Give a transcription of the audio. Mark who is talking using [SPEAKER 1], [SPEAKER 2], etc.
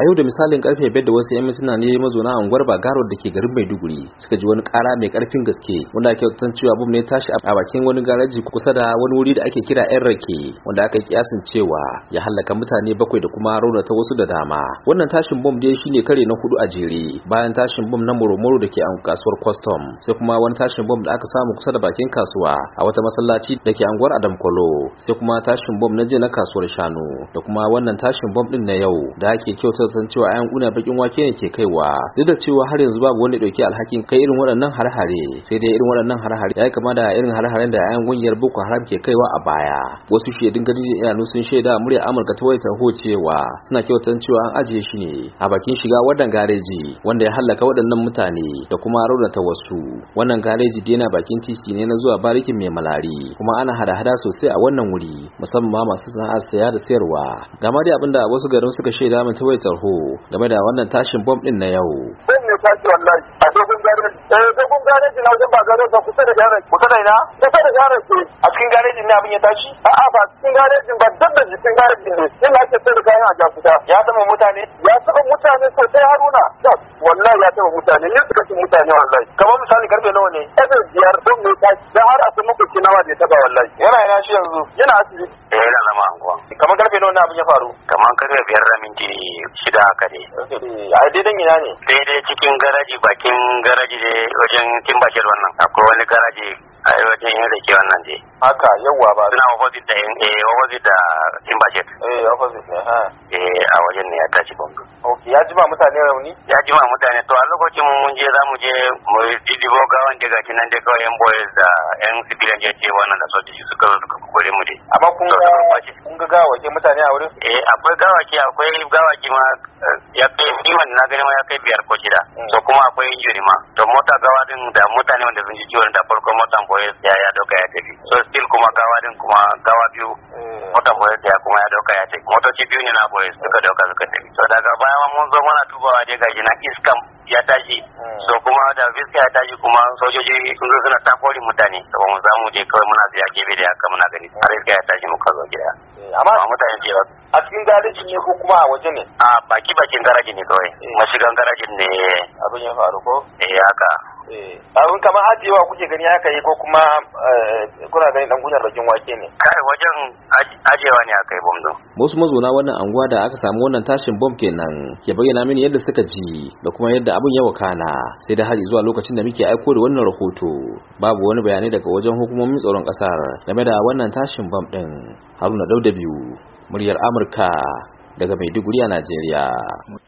[SPEAKER 1] a yau da misalin karfe biyar da wasu 'yan mintuna ne mazauna unguwar bagaro da ke garin maiduguri suka ji wani kara mai karfin gaske wanda ake tsan cewa bom ne tashi a bakin wani garaji kusa da wani wuri da ake kira yan rake wanda aka kiyasin cewa ya halaka mutane bakwai da kuma raunata wasu da dama wannan tashin bom dai shine kare na hudu a jere bayan tashin bom na moromoro da ke a kasuwar custom sai kuma wani tashin bom da aka samu kusa da bakin kasuwa a wata masallaci da ke anguwar adam kwalo sai kuma tashin bom na je na kasuwar shanu da kuma wannan tashin bom din na yau da ake kyautar san cewa ayan una bakin wake ne ke kaiwa duk da cewa har yanzu babu wanda dauki alhakin kai irin waɗannan harhare sai dai irin waɗannan harhare ya kama da irin harharen da ayan gungiyar Boko Haram ke kaiwa a baya wasu shaidun gani da idanu sun shaida murya Amurka ta waita ho cewa suna kyautan cewa an ajiye shi ne a bakin shiga wannan gareji wanda ya hallaka waɗannan mutane da kuma raunata wasu wannan gareji dai na bakin titi ne na zuwa barikin mai malari kuma ana hada-hada sosai a wannan wuri musamman ma masu sana'ar saya da sayarwa ga ma dai abinda wasu garin suka shaida mun tawaitar tarho game da wannan tashin bom din na yau
[SPEAKER 2] zan wallahi a dogon kusa a cikin ne ya tashi a'a ba cikin kayan a ya mutane haruna wallahi ya taba mutane ne suka ci mutane wallahi kamar misali karfe nawa ne ƙasar biyar don mai tashi da har a abokina ma bai taba wallahi yana yana shi yanzu yana asibiti eh yana
[SPEAKER 3] zama anguwa kamar karfe nawa na abin ya faru kamar karfe biyar da minti shida haka ne
[SPEAKER 2] a daidai ina ne
[SPEAKER 3] daidai cikin garaji bakin garaji ne wajen timbashir wannan akwai wani garaji a yi wajen yin rake wannan dai haka yawa ba suna opposite da eh opposite da Timberjet eh opposite ne eh, ha eh a wajen ne ya tashi bomba okay ya jima mutane rauni ya jima mutane to a lokacin mun je za mu je mu didibo gawan daga kinan da kawai yan boys da yan civilian je ce wannan da sojoji suka zo suka kore mu dai amma kun ga kun ga gawake mutane a wurin eh akwai gawake akwai gawake ma ya kai kiman na gani ma ya kai biyar ko shida mm. to kuma akwai injuri ma to mota gawa din da mutane wanda sun ji ciwon da farko motan boys ya ya doka ya tafi so still kuma gawa din kuma gawa biyu eh. motan boye ta kuma ya dauka ya ce motoci biyu ne na boye suka dauka suka tafi so daga baya mun zo muna tubawa dai gaji na iskam ya tashi eh. so kuma da iska ya tashi kuma sojoji sun zo suna takori mutane to mu zamu je kawai muna ziya gebe da haka muna gani har iska ya tashi muka zo gida eh, amma mutane ce ba a cikin garaji ne ko kuma a waje ne a baki bakin garaji ne kawai mashigan garajin ne abin ya faru ko eh haka Eh,
[SPEAKER 2] abin kamar ajiyewa kuke gani haka yi ko kuma eh, kuna gani dan gudanar bakin wake ne kai
[SPEAKER 3] wajen ajiyewa ne aka yi bom din
[SPEAKER 1] wasu mazauna wannan anguwa da aka samu wannan tashin bom kenan ke bayyana mini yadda suka ji da kuma yadda abin ya wakana sai da hari zuwa lokacin da muke aiko da wannan rahoto babu wani bayani daga wajen hukumomin tsaron kasar game da wannan tashin bom din haruna dauda biyu muryar amurka daga maiduguri a najeriya